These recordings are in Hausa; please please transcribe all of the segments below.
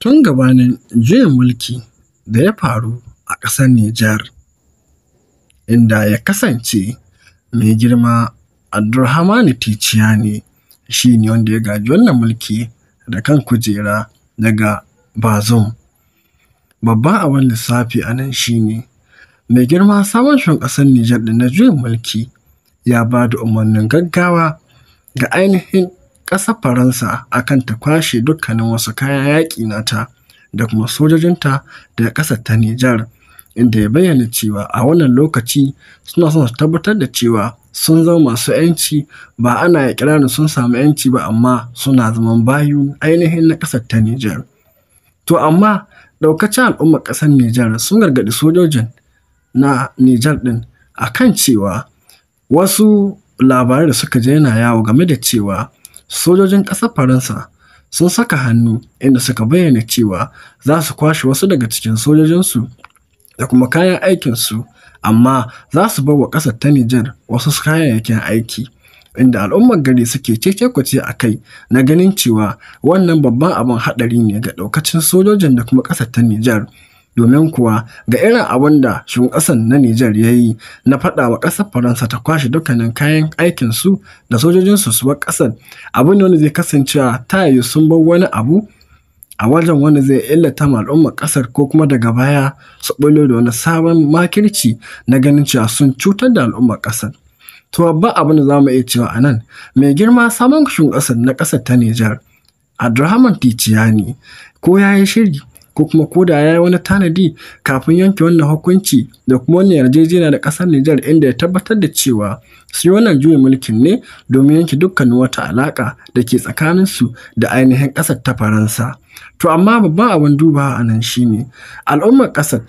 Tun gabanin juyin mulki da ya faru a ƙasar Nijar, inda ya kasance Mai Girma Abderahamani ne, shi ne wanda ya gaji wannan mulki da kan kujera daga Bazoum. Babban abin lissafi a nan shi ne, Mai Girma sabon shugaban ƙasar Nijar da na juyin mulki ya ba da umarnin gaggawa ga ainihin ƙasar Faransa a kan ta kwashe dukkanin wasu kaya yaƙi nata da kuma sojojinta daga ƙasar ta Nijar, inda ya bayyana cewa a wannan lokaci suna son su tabbatar da cewa sun zama masu 'yanci ba ana ikirarin sun samu 'yanci ba amma suna zaman bayu ainihin na ƙasar ta Nijar. To amma ɗaukacin al'ummar ƙasar Nijar sun gargaɗi sojojin na Nijar ɗin a kan cewa wasu labarai da suka je yana yawo game da cewa sojojin ƙasar Faransa sun saka hannu inda suka bayyana cewa za su kwashe wasu daga cikin sojojinsu da kuma kayan aikinsu amma za su bar wa ƙasar ta Nijar wasu kayayyakin aiki inda al'ummar gari suke cece-kwace a kai na ganin cewa wannan babban abin haɗari ne ga ɗaukacin sojojin da kuma ƙasar ta Nijar. domin kuwa ga irin abin da ƙasan na Nijar ya yi na faɗa wa ƙasar Faransa ta kwashe dukkanin kayan aikinsu da sojojinsu su bar ƙasar abin da wani zai kasancewa ta yi sun bar wani abu a wajen wani zai illata al'ummar ƙasar ko kuma daga baya su ɓullo da wani sabon makirci na ganin cewa sun cutar da al'ummar ƙasar. To babban abin da za mu iya cewa anan, mai girma sabon shun ƙasar na ƙasar ta Nijar Abdulrahman Tijjani ko ya yi shiri ko kuma da ya yi wani tanadi kafin yanke wannan hukunci da kuma wannan yarjejeniya da ƙasar Nijar inda ya tabbatar da cewa su yi wannan juyin mulkin ne domin yanke dukkanin wata alaƙa da ke tsakanin su da ainihin ƙasar ta Faransa. To amma babban abin dubawa a nan shine al'ummar ƙasar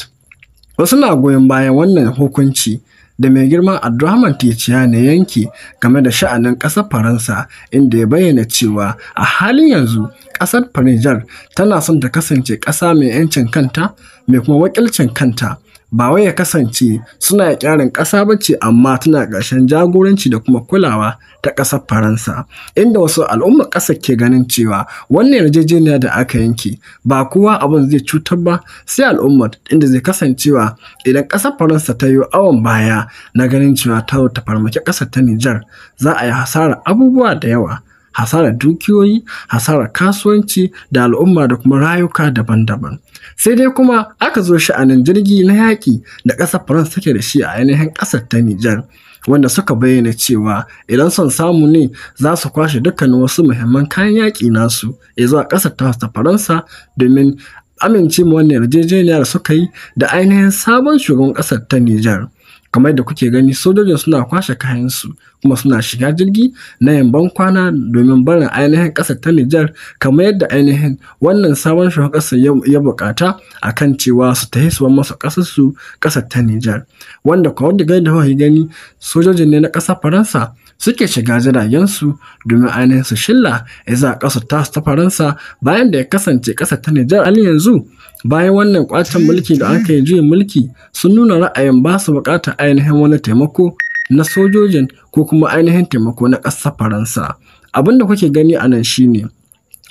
wasu na goyon bayan wannan hukunci da mai girman Abdurrahman Ticiani na yanke game da sha'anin ƙasar Faransa inda ya bayyana cewa a halin yanzu ƙasar Faransa tana son ta kasance ƙasa mai 'yancin kanta mai kuma wakilcin kanta ba wai ya kasance suna kyarin ƙasa ba ce amma tana ƙarshen jagoranci da kuma kulawa ta ƙasar faransa inda wasu al'ummar ƙasar ke ganin cewa wannan yarjejeniya da aka yanke ba kowa abin zai cutar ba sai al'ummar inda zai kasancewa idan ƙasar faransa ta yi awon baya na ganin cewa ta ta farmaki ƙasar ta nijar za a yi hasarar abubuwa da yawa hasarar dukiyoyi hasarar kasuwanci da al'umma da kuma rayuka daban-daban sai dai kuma aka zo sha'anin jirgi na yaƙi da ƙasar faransa take da shi a ainihin ƙasar ta nijar wanda suka bayyana cewa idan son samu ne za su kwashe dukkanin wasu muhimman kayan yaƙi nasu ya zuwa ƙasar ta Faransa domin amince ma wannan yarjejeniya suka yi da ainihin sabon shugaban kasar ta Nijar. Kamar da kuke gani sojojin suna kwashe kayansu kuma suna shiga jirgi na yamban kwana domin barin ainihin kasar ta Nijar kamar yadda ainihin wannan sabon shugaban ƙasar ya bukata a kan cewa su tahi su masa su kasar ta Nijar. Wanda kawai gani da gani sojojin ne na ƙasar Faransa suke shiga jiragensu domin ainihin su shilla za ƙasa ta ta faransa bayan da ya kasance ƙasa ta nijar hali yanzu bayan wannan ƙwacin mulki da aka yi juyin mulki sun nuna ra'ayin ba su buƙatar ainihin wani taimako na sojojin ko kuma ainihin taimako na ƙasar faransa abin da kuke gani a nan shine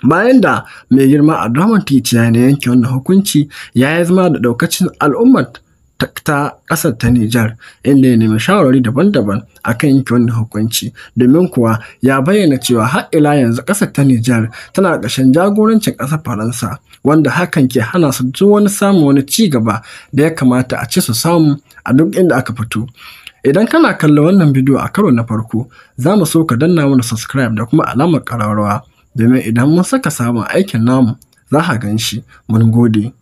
bayan da mai girma a titiya ya yanke wannan hukunci ya yi zama da ɗaukacin al'ummar ta ƙasar ta Nijar inda ya nemi shawarwari daban-daban a kan yanke wannan hukunci domin kuwa ya bayyana cewa har ila yanzu ƙasar ta Nijar tana ƙarshen jagorancin ƙasar Faransa wanda hakan ke hana su duk wani samun wani ci gaba da ya kamata a ci su samu a duk inda aka fito. Idan kana kallon wannan bidiyo a karo na farko za mu so ka danna mana subscribe da kuma alamar ƙararrawa domin idan mun saka samun aikin namu za ka gan shi mun gode.